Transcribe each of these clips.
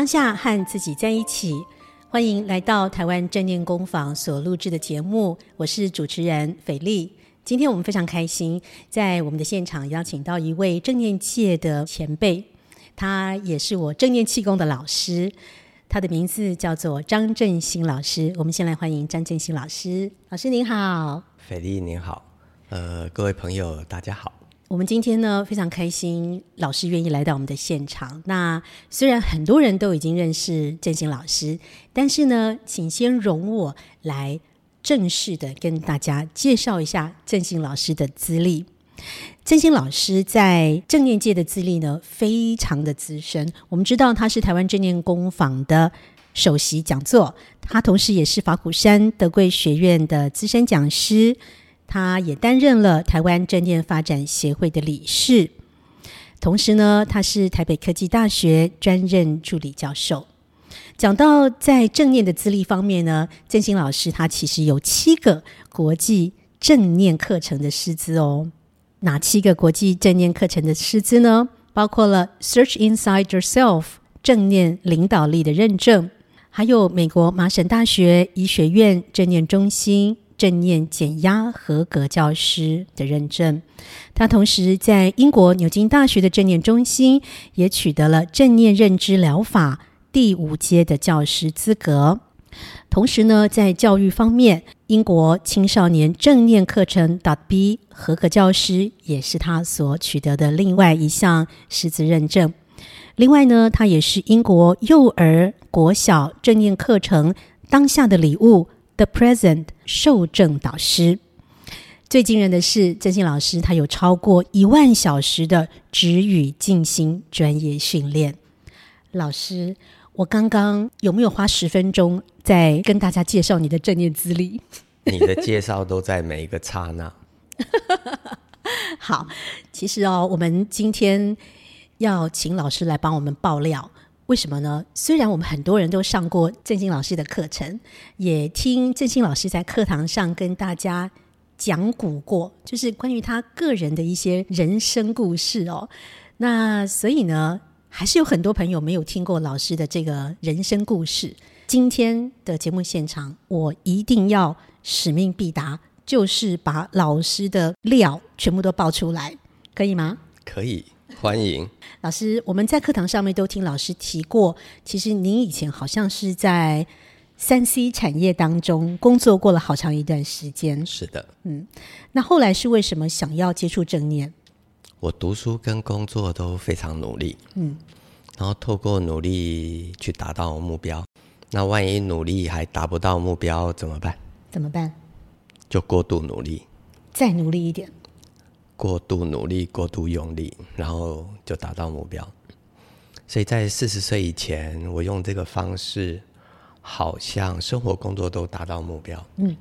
當下和自己在一起，歡迎來到台灣正念工坊所錄製的節目。我是主持人斐莉。今天我們非常開心，在我們的現場邀請到一位正念界的前輩，他也是我正念氣功的老師，他的名字叫做張振興老師。我們先來歡迎張振興老師。老師您好，斐莉您好，呃，各位朋友大家好。我們今天呢非常開心，老師願意來到我們的現場。那雖然很多人都已經認識振興老師，但是呢，請先容我來正式的跟大家介紹一下振興老師的資歷。振興老師在正念界的資歷呢非常的資深。我們知道他是台灣正念工坊的首席講座，他同時也是法鼓山德貴學院的資深講師。他也擔任了台灣正念發展協會的理事，同時呢，他是台北科技大學專任助理教授。講到在正念的資歷方面呢，振興老師他其實有七個國際正念課程的師資哦。哪七個國際正念課程的師資呢？包括了 Search Inside Yourself 正念領導力的認證，還有美國麻省大學醫學院正念中心，正念減壓合格教師的認證，他同時在英國牛津大學的正念中心也取得了正念認知療法第五階的教師資格。同時呢，在教育方面，英國青少年正念課程 dot B 合格教師也是他所取得的另外一項師資認證。另外呢，他也是英國幼兒國小正念課程當下的禮物，The Present 受證導師，最驚人的是，振興老師他有超過一萬小時的止語禪修專業訓練。老師，我剛剛有沒有花十分鐘在跟大家介紹你的正念資歷？你的介紹都在每一個剎那。 好，其實哦，我們今天要請老師來幫我們爆料。為什麼呢？雖然我們很多人都上過振興老師的課程，也聽振興老師在課堂上跟大家講古過，就是關於他個人的一些人生故事哦。那所以呢，還是有很多朋友沒有聽過老師的這個人生故事。今天的節目現場，我一定要使命必達，就是把老師的料全部都爆出來，可以嗎？可以。歡迎老師，我們在課堂上面都聽老師提過，其實您以前好像是在三 C 產業當中工作過了好長一段時間。是的，嗯，那後來是為什麼想要接觸正念？我讀書跟工作都非常努力，嗯，然後透過努力去達到目標。那萬一努力還達不到目標怎麼辦？怎麼辦？就過度努力，再努力一點。過度努力，過度用力，然後就達到目標。所以在四十歲以前，我用這個方式，好像生活、工作都達到目標。嗯。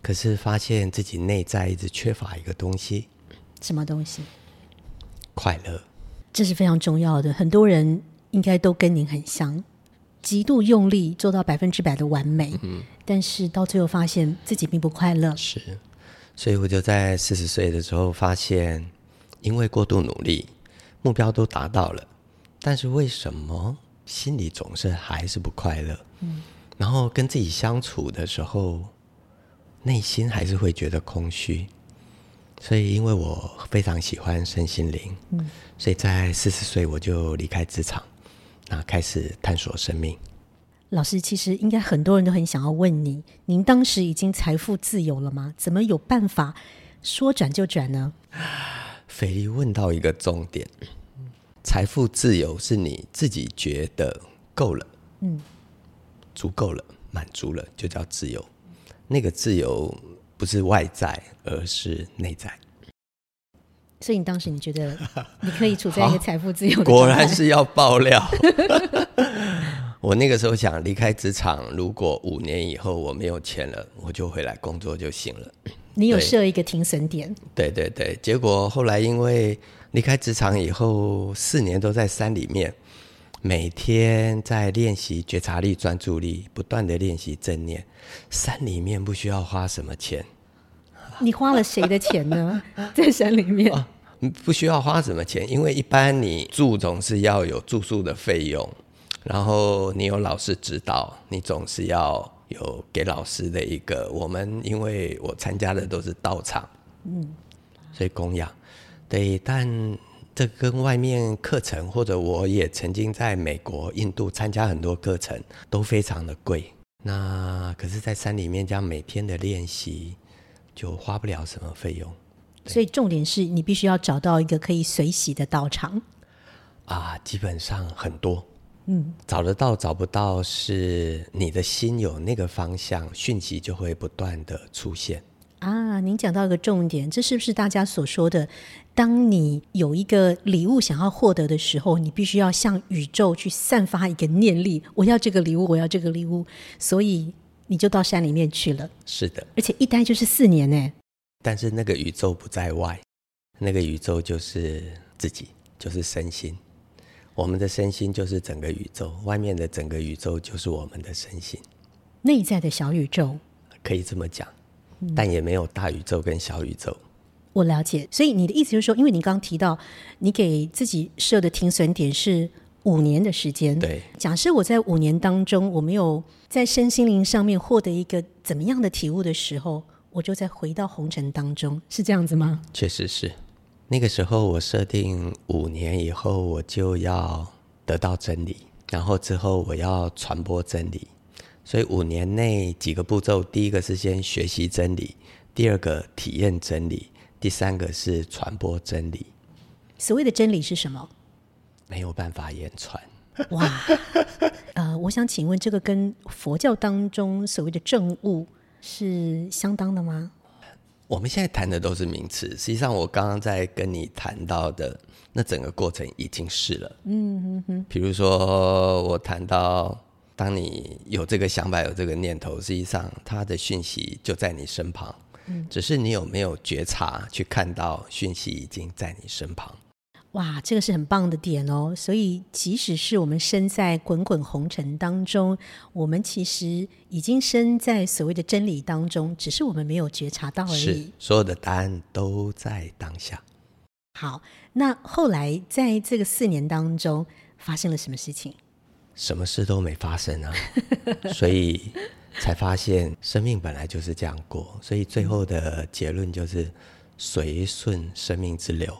可是發現自己內在一直缺乏一個東西。什麼東西？快樂。這是非常重要的。很多人應該都跟您很像，極度用力做到百分之百的完美，嗯哼。但是到最後發現自己並不快樂。是。所以我就在四十歲的時候發現，因為過度努力，目標都達到了，但是為什麼心裡總是還是不快樂？嗯，然後跟自己相處的時候，內心還是會覺得空虛。所以因為我非常喜歡身心靈，嗯，所以在四十歲我就離開職場，那開始探索生命。老師，其實應該很多人都很想要問你：您當時已經財富自由了嗎？怎麼有辦法說轉就轉呢？斐莉問到一個重點：財富自由是你自己覺得夠了，嗯，足夠了，滿足了，就叫自由。那個自由不是外在，而是內在。所以你當時你覺得你可以處在一個財富自由？果然是要爆料。 我那個時候想離開職場，如果五年以後我沒有錢了，我就回來工作就行了。你有設一個停損點？對對對。結果後來因為離開職場以後四年都在山裡面，每天在練習覺察力、專注力，不斷的練習正念。山裡面不需要花什麼錢，你花了誰的錢呢？ 在山裡面，啊、不需要花什麼錢，因為一般你住總是要有住宿的費用。然後你有老師指導，你總是要有給老師的一個。我們因為我參加的都是道場，嗯，所以供養。對，但這跟外面課程，或者我也曾經在美國、印度參加很多課程，都非常的貴。那可是，在山裡面這樣每天的練習就花不了什麼費用。所以重點是你必須要找到一個可以隨喜的道場啊，基本上很多。嗯，找得到找不到，是你的心有那個方向，訊息就會不斷的出現。啊，您講到一個重點，這是不是大家所說的？當你有一個禮物想要獲得的時候，你必須要向宇宙去散發一個念力：“我要這個禮物，我要這個禮物。”所以你就到山裡面去了。是的，而且一待就是四年呢。但是那個宇宙不在外，那個宇宙就是自己，就是身心。我們的身心就是整個宇宙，外面的整個宇宙就是我們的身心。內在的小宇宙可以這麼講，但也沒有大宇宙跟小宇宙。嗯。我了解，所以你的意思就是說，因為你剛剛提到你給自己設的停損點是五年的時間。對，假設我在五年當中我沒有在身心靈上面獲得一個怎麼樣的體悟的時候，我就再回到紅塵當中，是這樣子嗎？確實是。那個時候，我設定五年以後我就要得到真理，然後之後我要傳播真理。所以五年內幾個步驟：第一個是先學習真理，第二個體驗真理，第三個是傳播真理。所謂的真理是什麼？沒有辦法言傳。哇， 呃，我想請問，這個跟佛教當中所謂的證悟是相當的嗎？我們現在談的都是名詞，實際上我剛剛在跟你談到的那整個過程已經是了。嗯嗯嗯，嗯嗯、比如說我談到，當你有這個想法、有這個念頭，實際上它的訊息就在你身旁，嗯、只是你有沒有覺察去看到訊息已經在你身旁。哇，這個是很棒的點哦。所以，即使是我們身在滾滾紅塵當中，我們其實已經身在所謂的真理當中，只是我們沒有覺察到而已。是，所有的答案都在當下。好，那後來在這個四年當中發生了什麼事情？什麼事都沒發生啊， 所以才發現生命本來就是這樣過。所以最後的結論就是，隨順生命之流。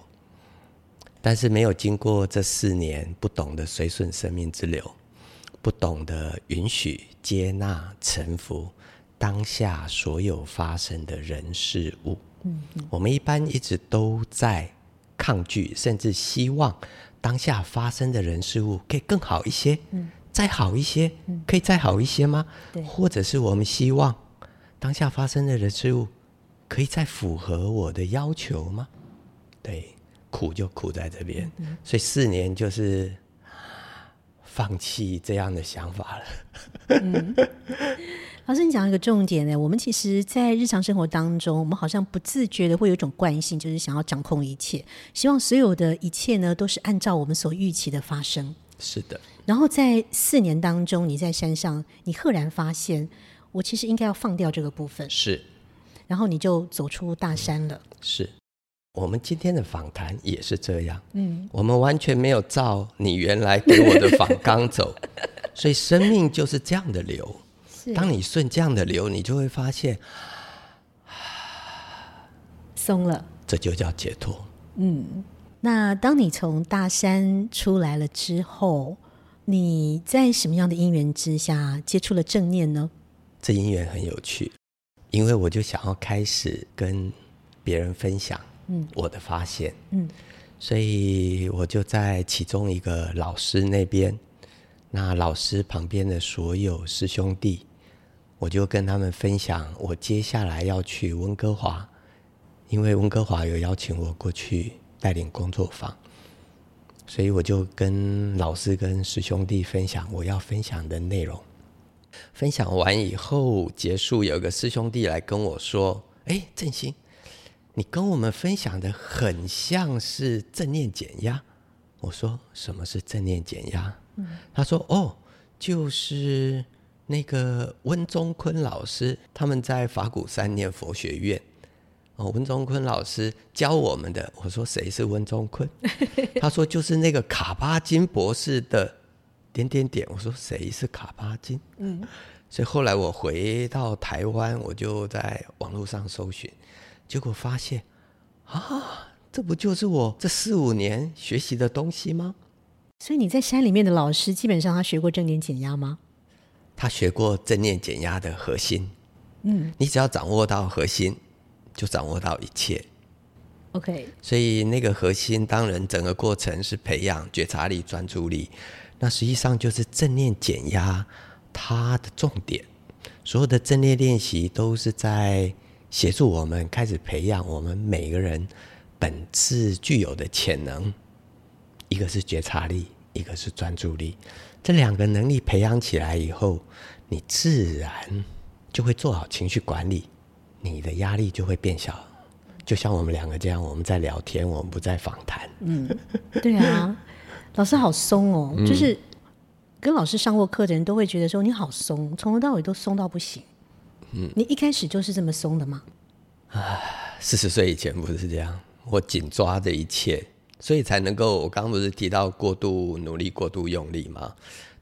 但是沒有經過這四年，不懂得隨順生命之流，不懂得允許、接納、臣服當下所有發生的人事物。嗯嗯、我們一般一直都在抗拒，甚至希望當下發生的人事物可以更好一些，嗯、再好一些，可以再好一些嗎？嗯、對、或者是我們希望當下發生的人事物可以再符合我的要求嗎？對。苦就苦在這邊，嗯、所以四年就是放棄這樣的想法了。 嗯、老師，你講一個重點呢、欸？我們其實，在日常生活當中，我們好像不自覺的會有一種慣性，就是想要掌控一切，希望所有的一切呢，都是按照我們所預期的發生。是的。然後在四年當中，你在山上，你赫然發現，我其實應該要放掉這個部分。是。然後你就走出大山了。嗯、是。我們今天的訪談也是這樣，嗯，我們完全沒有照你原來給我的訪綱走， 所以生命就是這樣的流。是當你順這樣的流，你就會發現，鬆了，這就叫解脫。嗯，那當你從大山出來了之後，你在什麼樣的因緣之下接觸了正念呢？這因緣很有趣，因為我就想要開始跟別人分享。嗯，我的發現，嗯，所以我就在其中一個老師那邊，那老師旁邊的所有師兄弟，我就跟他們分享我接下來要去溫哥華，因為溫哥華有邀請我過去帶領工作坊，所以我就跟老師跟師兄弟分享我要分享的內容。分享完以後結束，有個師兄弟來跟我說：“哎，振興。”你跟我們分享的很像是正念減壓。我說，什麼是正念減壓？嗯、他說哦，就是那個溫宗坤老師他們在法鼓山念佛學院哦，溫宗坤老師教我們的。我說誰是溫宗坤？ 他說就是那個卡巴金博士的點點點。我說誰是卡巴金？嗯，所以後來我回到台灣，我就在網路上搜尋。結果發現，啊，這不就是我這四五年學習的東西嗎？所以你在山裡面的老師，基本上他學過正念減壓嗎？他學過正念減壓的核心。嗯，你只要掌握到核心，就掌握到一切。OK。所以那個核心，當然整個過程是培養覺察力、專注力。那實際上就是正念減壓它的重點。所有的正念練習都是在。協助我們開始培養我們每個人本質具有的潛能，一個是覺察力，一個是專注力。這兩個能力培養起來以後，你自然就會做好情緒管理，你的壓力就會變小。就像我們兩個這樣，我們在聊天，我們不在訪談。嗯，對啊，老師好鬆哦，嗯，就是跟老師上過課的人都會覺得說你好鬆，從頭到尾都鬆到不行。嗯、你一開始就是這麼鬆的嗎？啊，四十歲以前不是這樣，我緊抓着一切，所以才能夠。我剛剛不是提到過度努力、過度用力嗎？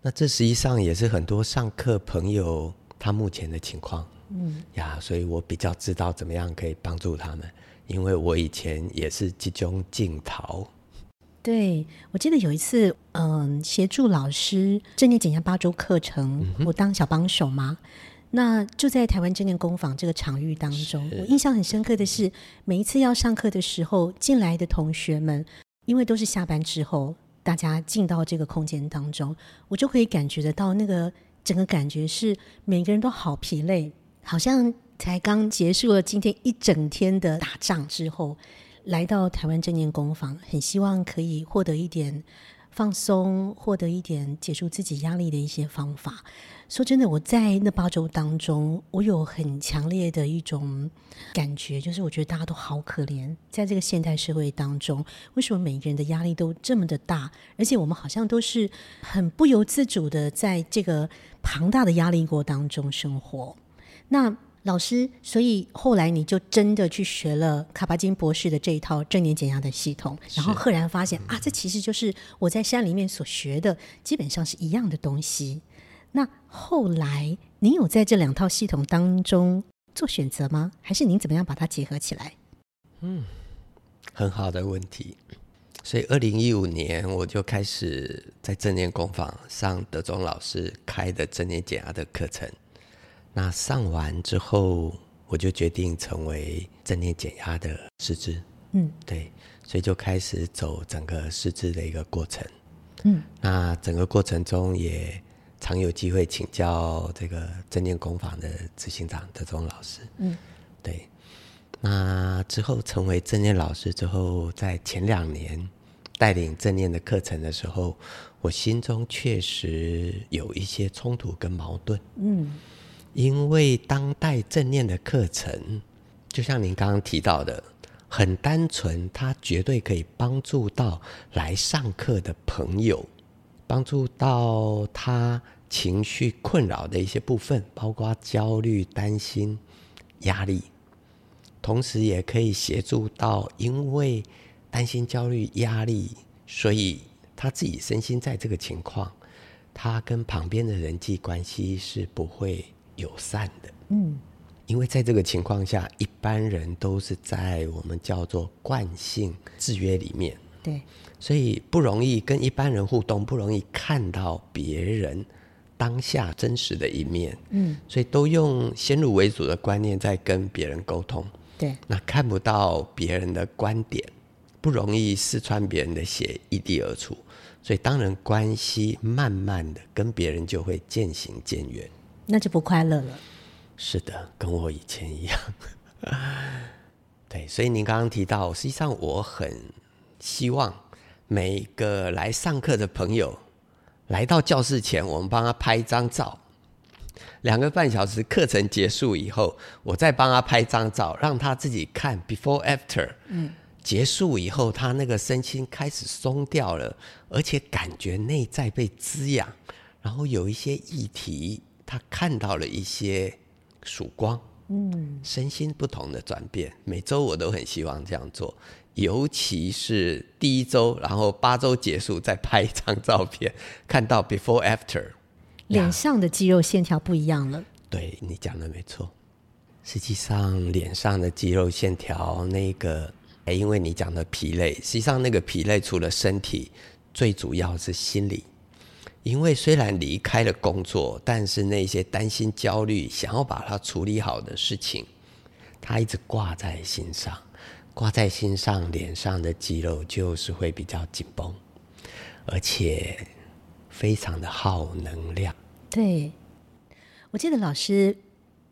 那這實際上也是很多上課朋友他目前的情況。嗯呀，所以我比較知道怎麼樣可以幫助他們，因為我以前也是個中翹楚。對，我記得有一次，嗯，協助老師正念減壓八周課程，我當小幫手嘛。嗯那就在台灣正念工坊這個場域當中，是我印象很深刻的是，每一次要上課的時候，進來的同學們，因為都是下班之後，大家進到這個空間當中，我就可以感覺得到那個整個感覺是每個人都好疲累，好像才剛結束了今天一整天的打仗之後，來到台灣正念工坊，很希望可以獲得一點放鬆，獲得一點解除自己壓力的一些方法。說真的，我在那八周當中，我有很強烈的一種感覺，就是我覺得大家都好可憐，在這個現代社會當中，為什麼每個人的壓力都這麼的大？而且我們好像都是很不由自主的，在這個龐大的壓力鍋當中生活。那老師，所以後來你就真的去學了卡巴金博士的這一套正念減壓的系統，然後赫然發現、嗯、啊，這其實就是我在山裡面所學的，基本上是一樣的東西。那後來您有在這兩套系統當中做選擇嗎？還是您怎麼樣把它結合起來？嗯，很好的問題。所以二零一五年我就開始在正念工坊上德中老師開的正念減壓的課程。那上完之後，我就決定成為正念減壓的師資。嗯，對，所以就開始走整個師資的一個過程。嗯，那整個過程中也常有機會請教這個正念工坊的執行長德中老師。嗯，對。那之後成為正念老師之後，在前兩年帶領正念的課程的時候，我心中確實有一些衝突跟矛盾。嗯。因為當代正念的課程，就像您剛剛提到的，很單純，他絕對可以幫助到來上課的朋友，幫助到他情緒困擾的一些部分，包括焦慮、擔心、壓力，同時也可以協助到，因為擔心、焦慮、壓力，所以他自己身心在這個情況，他跟旁邊的人際關係是不會。友善的，嗯，因為在這個情況下，一般人都是在我們叫做慣性制約裡面，對，所以不容易跟一般人互動，不容易看到別人當下真實的一面，嗯，所以都用先入為主的觀念在跟別人溝通，對，那看不到別人的觀點，不容易試穿別人的鞋，易地而處。所以當人關係慢慢的跟別人就會漸行漸遠。那就不快樂了。是的，跟我以前一樣。 對，所以您剛剛提到，實際上我很希望每個來上課的朋友來到教室前，我們幫他拍一張照；兩個半小時課程結束以後，我再幫他拍張照，讓他自己看 before after。嗯。結束以後，他那個身心開始鬆掉了，而且感覺內在被滋養，然後有一些議題。他看到了一些曙光，嗯，身心不同的轉變。每周我都很希望這樣做，尤其是第一周，然後八周結束再拍一張照片，看到 before after，臉上的肌肉線條不一樣了。對，你講的沒錯，實際上臉上的肌肉線條那個，哎、欸，因為你講的疲累，實際上那個疲累除了身體，最主要是心理。因為雖然離開了工作，但是那些擔心、焦慮、想要把它處理好的事情，他一直掛在心上，掛在心上，臉上的肌肉就是會比較緊繃，而且非常的耗能量。對，我記得老師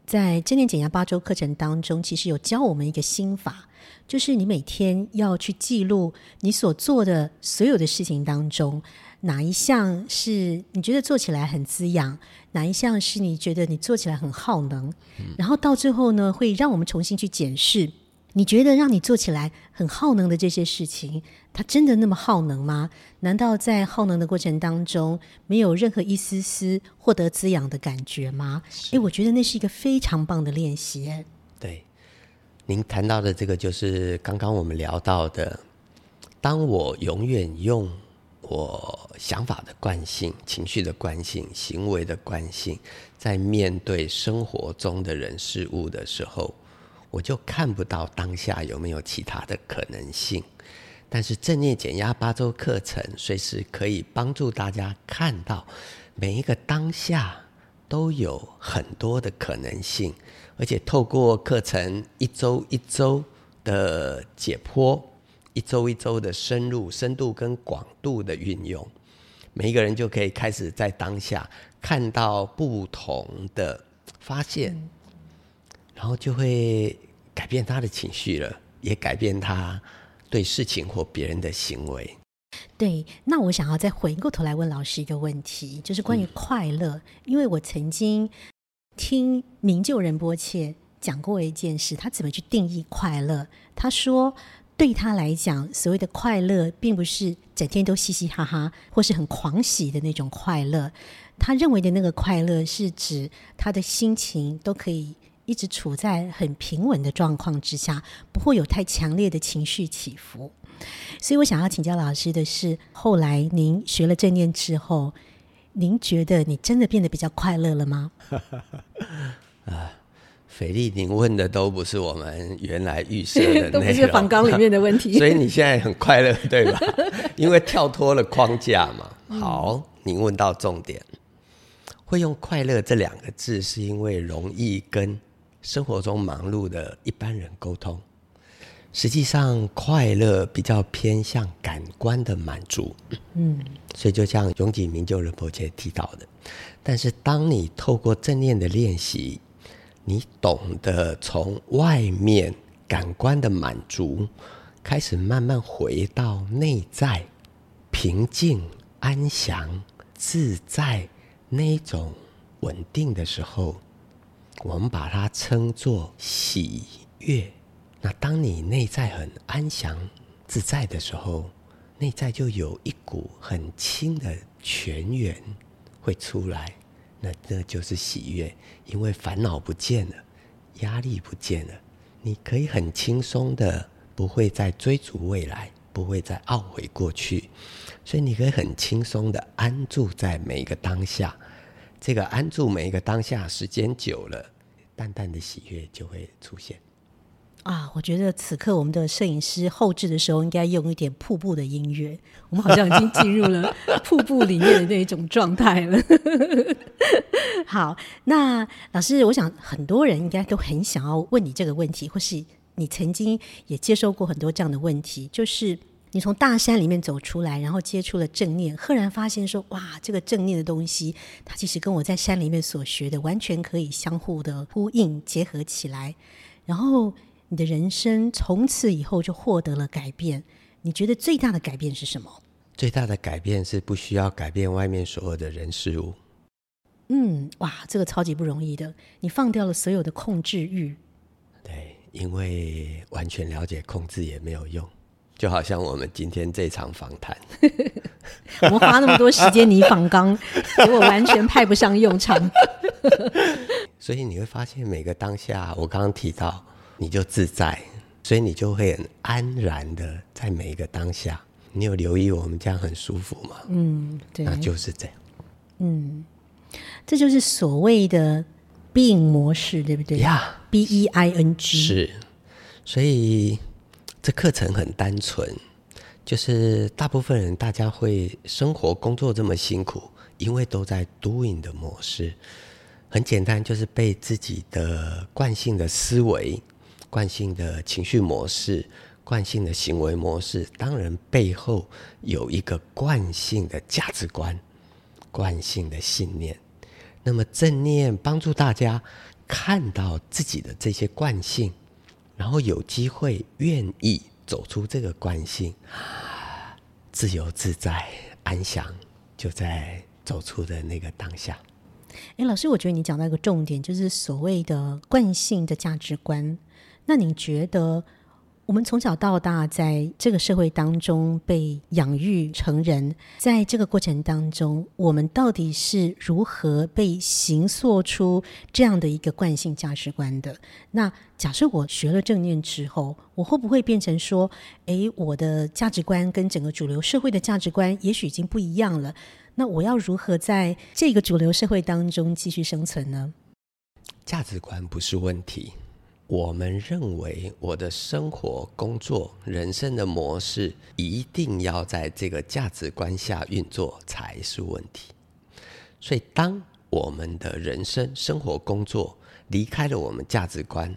在正念減壓八周課程當中，其實有教我們一個心法，就是你每天要去記錄你所做的所有的事情當中，哪一項是你覺得做起來很滋養？哪一項是你覺得你做起來很耗能？嗯，然後到最後呢，會讓我們重新去檢視，你覺得讓你做起來很耗能的這些事情，它真的那麼耗能嗎？難道在耗能的過程當中，沒有任何一絲絲獲得滋養的感覺嗎？誒，我覺得那是一個非常棒的練習。對，您談到的這個就是剛剛我們聊到的，當我永遠用。我想法的慣性、情緒的慣性、行為的慣性，在面對生活中的人事物的時候，我就看不到當下有沒有其他的可能性。但是正念減壓八周課程，隨時可以幫助大家看到每一個當下都有很多的可能性，而且透過課程一周一周的解剖。一週一週的深入，深度跟廣度的運用，每一個人就可以開始在當下看到不同的發現，嗯、然後就會改變他的情緒了，也改變他對事情或別人的行為。對，那我想要再回過頭來問老師一個問題，就是關於快樂，嗯、因為我曾經聽明就仁波切講過一件事，他怎麼去定義快樂？他說。對他來講，所謂的快樂，並不是整天都嘻嘻哈哈，或是很狂喜的那種快樂。他認為的那個快樂，是指他的心情都可以一直處在很平穩的狀況之下，不會有太強烈的情緒起伏。所以我想要請教老師的是，後來您學了正念之後，您覺得你真的變得比較快樂了嗎？ 啊斐莉，您問的都不是我們原來預設的，那些都是房剛裡面的問題。 所以你現在很快樂，對吧？ 因為跳脫了框架嘛。好，您、嗯、問到重點，會用“快樂”這兩個字，是因為容易跟生活中忙碌的一般人溝通。實際上，快樂比較偏向感官的滿足。嗯，所以就像永井明就仁伯傑提到的，但是當你透過正念的練習。你懂得從外面感官的滿足，開始慢慢回到內在平靜、安詳、自在那一種穩定的時候，我們把它稱作喜悅。那當你內在很安詳、自在的時候，內在就有一股很輕的泉源會出來。那這就是喜悅，因為煩惱不見了，壓力不見了，你可以很輕鬆的，不會再追逐未來，不會再懊悔過去，所以你可以很輕鬆的安住在每一個當下。這個安住每一個當下，時間久了，淡淡的喜悅就會出現。啊，我覺得此刻我們的攝影師後製的時候，應該用一點瀑布的音樂。我們好像已經進入了瀑布裡面的那一種狀態了。 好，那老師，我想很多人應該都很想要問你這個問題，或是你曾經也接受過很多這樣的問題，就是你從大山裡面走出來，然後接觸了正念，赫然發現說，哇，這個正念的東西，它其實跟我在山裡面所學的完全可以相互的呼應結合起來，然後。你的人生從此以後就獲得了改變。你覺得最大的改變是什麼？最大的改變是不需要改變外面所有的人事物。嗯，哇，這個超級不容易的。你放掉了所有的控制慾。對，因為完全了解控制也沒有用，就好像我們今天這場訪談， 我花那麼多時間你訪綱，結果 完全派不上用場。 所以你會發現，每個當下，我剛剛提到。你就自在，所以你就會很安然的在每一個當下。你有留意我們這樣很舒服嗎？嗯，對，那就是這樣。嗯，這就是所謂的 “being” 模式，對不對？呀 Yeah,，b e i n g 是。所以這課程很單純，就是大部分人大家會生活工作這麼辛苦，因為都在 “doing” 的模式。很簡單，就是被自己的慣性的思維。慣性的情緒模式，慣性的行為模式，當然，背後有一個慣性的價值觀、慣性的信念，那麼正念幫助大家看到自己的這些慣性，然後有機會願意走出這個慣性，自由自在、安詳，就在走出的那個當下。哎，老師，我覺得你講到一個重點，就是所謂的慣性的價值觀。那你覺得，我們從小到大在這個社會當中被養育成人，在這個過程當中，我們到底是如何被形塑出這樣的一個慣性價值觀的？那假設我學了正念之後，我會不會變成說，誒，我的價值觀跟整個主流社會的價值觀也許已經不一樣了？那我要如何在這個主流社會當中繼續生存呢？價值觀不是問題。我們認為，我的生活、工作、人生的模式一定要在這個價值觀下運作才是問題。所以，當我們的人生、生活、工作離開了我們價值觀，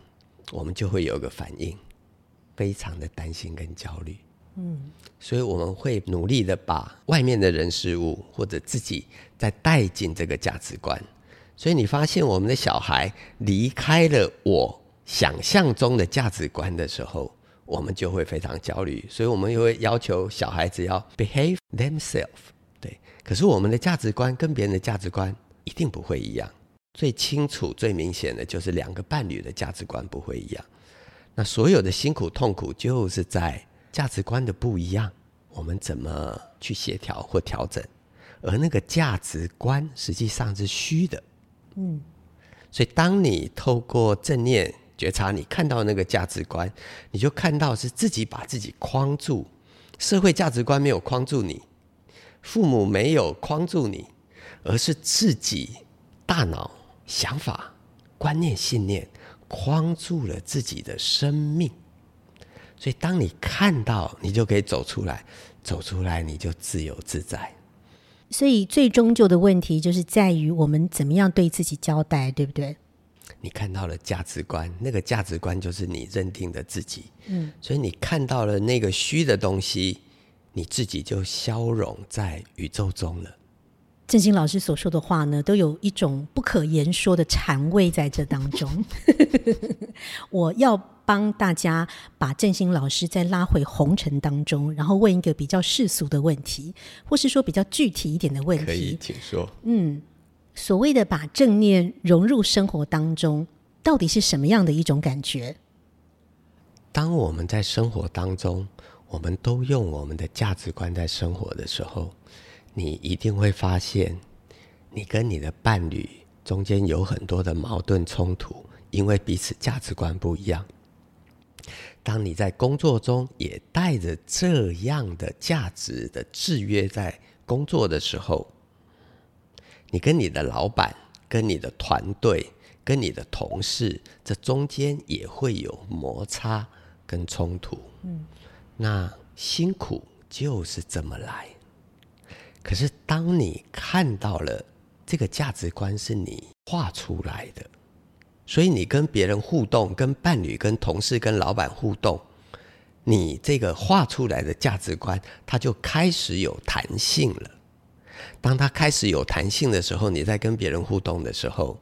我們就會有一個反應，非常的擔心跟焦慮。嗯，所以我們會努力的把外面的人事物或者自己再帶進這個價值觀。所以，你發現我們的小孩離開了我。想象中的價值觀的時候，我們就會非常焦慮，所以我們又會要求小孩子要 behave themselves。對，可是我們的價值觀跟別人的價值觀一定不會一樣。最清楚、最明顯的就是兩個伴侶的價值觀不會一樣。那所有的辛苦、痛苦，就是在價值觀的不一樣。我們怎麼去協調或調整？而那個價值觀實際上是虛的。嗯，所以當你透過正念。覺察你看到那個價值觀，你就看到是自己把自己框住，社會價值觀沒有框住你，父母沒有框住你，而是自己大腦想法、觀念、信念框住了自己的生命。所以，當你看到，你就可以走出來，走出來，你就自由自在。所以，最終究的問題就是在於我們怎麼樣對自己交代，對不對？你看到了價值觀，那個價值觀就是你認定的自己。嗯，所以你看到了那個虛的東西，你自己就消融在宇宙中了。振興老師所說的話呢，都有一種不可言說的禪味在這當中。 我要幫大家把振興老師再拉回紅塵當中，然後問一個比較世俗的問題，或是說比較具體一點的問題。可以，請說。嗯。所謂的把正念融入生活當中，到底是什麼樣的一種感覺？當我們在生活當中，我們都用我們的價值觀在生活的時候，你一定會發現，你跟你的伴侶中間有很多的矛盾衝突，因為彼此價值觀不一樣。當你在工作中也帶着這樣的價值的制約，在工作的時候。你跟你的老闆、跟你的團隊、跟你的同事，這中間也會有摩擦跟衝突。嗯，那辛苦就是這麼來。可是當你看到了這個價值觀是你畫出來的，所以你跟別人互動、跟伴侶、跟同事、跟老闆互動，你這個畫出來的價值觀，它就開始有彈性了。當他開始有彈性的時候，你在跟別人互動的時候，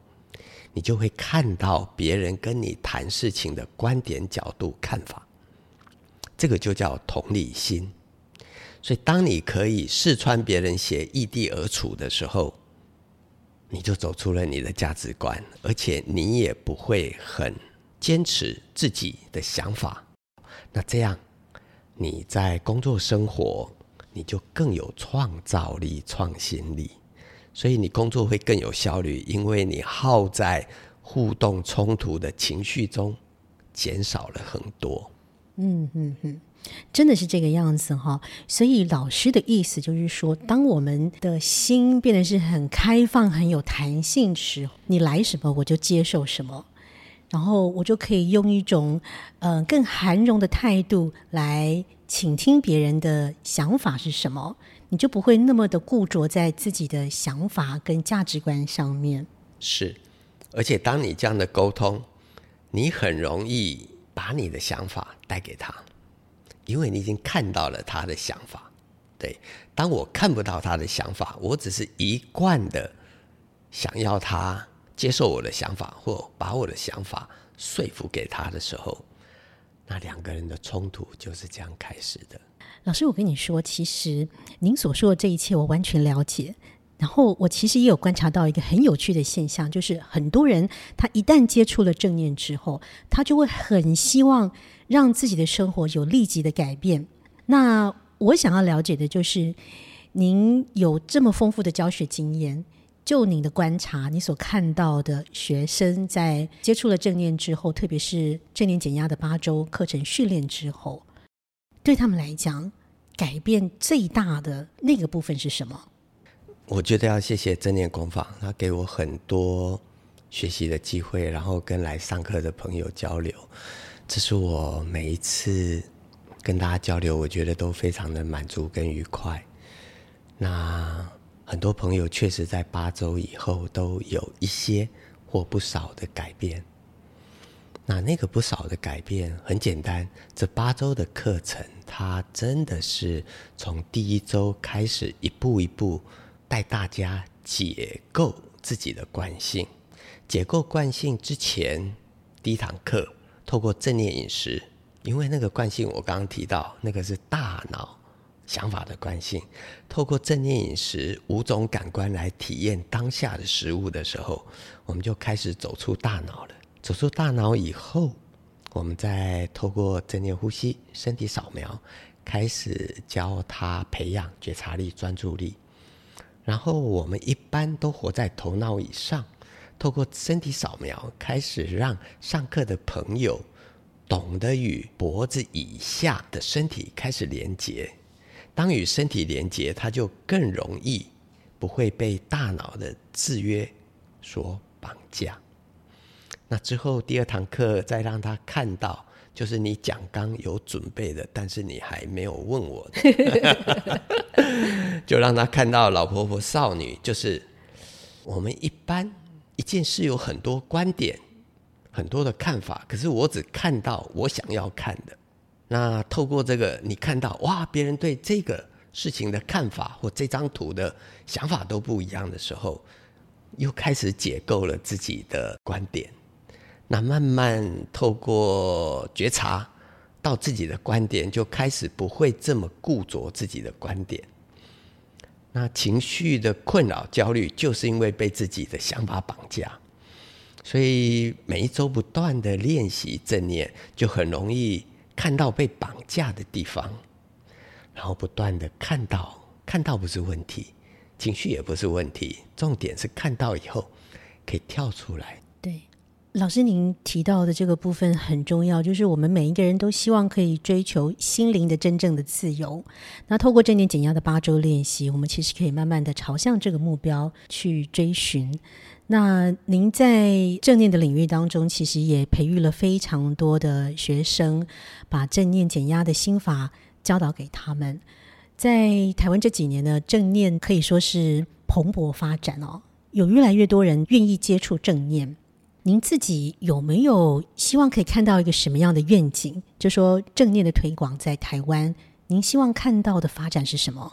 你就會看到別人跟你談事情的觀點、角度、看法，這個就叫同理心。所以，當你可以試穿別人鞋、異地而處的時候，你就走出了你的價值觀，而且你也不會很堅持自己的想法。那這樣，你在工作、生活。你就更有創造力、創新力，所以你工作會更有效率，因為你耗在互動衝突的情緒中減少了很多。嗯嗯嗯，真的是這個樣子哈、哦。所以老師的意思就是說，當我們的心變得是很開放、很有彈性時，你來什麼我就接受什麼，然後我就可以用一種嗯、呃、更涵容的態度來。傾聽別人的想法是什麼，你就不會那麼的固着在自己的想法跟價值觀上面。是，而且當你這樣的溝通，你很容易把你的想法帶給他，因為你已經看到了他的想法。對，當我看不到他的想法，我只是一貫的想要他接受我的想法，或把我的想法說服給他的時候。那兩個人的衝突就是這樣開始的。老師，我跟你說，其實您所說的這一切我完全了解。然後，我其實也有觀察到一個很有趣的現象，就是很多人他一旦接觸了正念之後，他就會很希望讓自己的生活有立即的改變。那我想要了解的就是，您有這麼豐富的教學經驗。就你的觀察，你所看到的學生在接觸了正念之後，特別是正念減壓的八周課程訓練之後，對他們來講，改變最大的那個部分是什麼？我覺得要謝謝正念工坊，它給我很多學習的機會，然後跟來上課的朋友交流，這是我每一次跟大家交流，我覺得都非常的滿足跟愉快。那，很多朋友確實在八周以後都有一些或不少的改變。那那個不少的改變很簡單，這八周的課程，它真的是從第一周開始一步一步帶大家解構自己的慣性。解構慣性之前，第一堂課透過正念飲食，因為那個慣性我剛剛提到，那個是大腦。想法的慣性，透過正念飲食，五種感官來體驗當下的食物的時候，我們就開始走出大腦了。走出大腦以後，我們再透過正念呼吸、身體掃描，開始教他培養覺察力、專注力。然後我們一般都活在頭腦以上，透過身體掃描，開始讓上課的朋友懂得與脖子以下的身體開始連接。當與身體連接，他就更容易不會被大腦的制約所綁架。那之後第二堂課再讓他看到，就是你講綱有準備的，但是你還沒有問我， 就讓他看到老婆婆、少女，就是我們一般一件事有很多觀點、很多的看法，可是我只看到我想要看的。那透過這個，你看到哇，別人對這個事情的看法或這張圖的想法都不一樣的時候，又開始解構了自己的觀點。那慢慢透過覺察到自己的觀點，就開始不會這麼固着自己的觀點。那情緒的困擾、焦慮，就是因為被自己的想法綁架。所以每一周不斷的練習正念，就很容易。看到被綁架的地方，然後不斷的看到，看到不是問題，情緒也不是問題，重點是看到以後可以跳出來。對，老師您提到的這個部分很重要，就是我們每一個人都希望可以追求心靈的真正的自由。那透過正念減壓的八周練習，我們其實可以慢慢的朝向這個目標去追尋。那您在正念的領域當中，其實也培育了非常多的學生，把正念減壓的心法教導給他們。在台灣這幾年呢，正念可以說是蓬勃發展哦，有越來越多人願意接觸正念。您自己有沒有希望可以看到一個什麼樣的願景？就說正念的推廣在台灣，您希望看到的發展是什麼？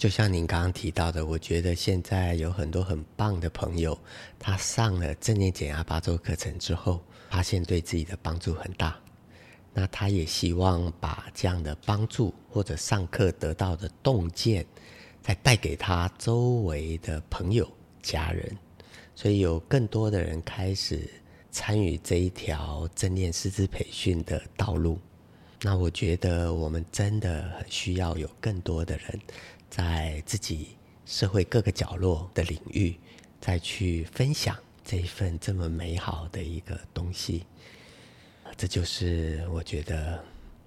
就像您剛剛提到的，我覺得現在有很多很棒的朋友，他上了正念減壓八周課程之後，發現對自己的幫助很大。那他也希望把這樣的幫助或者上課得到的洞見，再帶給他周圍的朋友、家人，所以有更多的人開始參與這一條正念師資培訓的道路。那我覺得我們真的很需要有更多的人。在自己社會各個角落的領域，再去分享這一份這麼美好的一個東西，這就是我覺得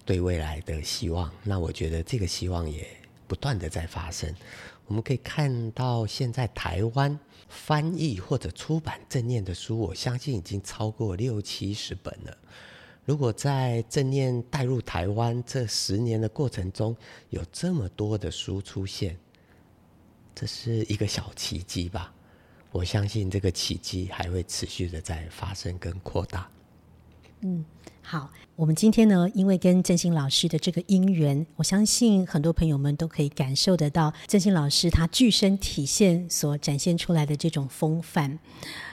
對未來的希望。那我覺得這個希望也不斷的在發生。我們可以看到，現在台灣翻譯或者出版正念的書，我相信已經超過六七十本了。如果在正念帶入台灣這十年的過程中，有這麼多的書出現，這是一個小奇蹟吧？我相信這個奇蹟還會持續的在發生跟擴大。嗯，好，我們今天呢，因為跟振興老師的這個因緣，我相信很多朋友們都可以感受得到振興老師他具身體現所展現出來的這種風範。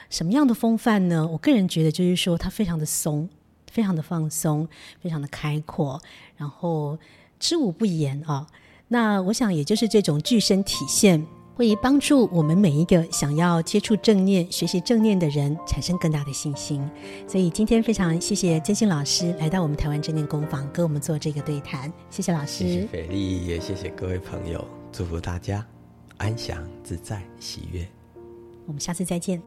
什麼樣的風範呢？我個人覺得就是說，他非常的鬆。非常的放鬆，非常的開闊，然後知無不言啊、哦。那我想，也就是這種具身體現，會幫助我們每一個想要接觸正念、學習正念的人，產生更大的信心。所以今天非常謝謝振興老師來到我們台灣正念工坊，跟我們做這個對談。謝謝老師，謝謝斐莉，也謝謝各位朋友，祝福大家安詳、自在、喜悅。我們下次再見。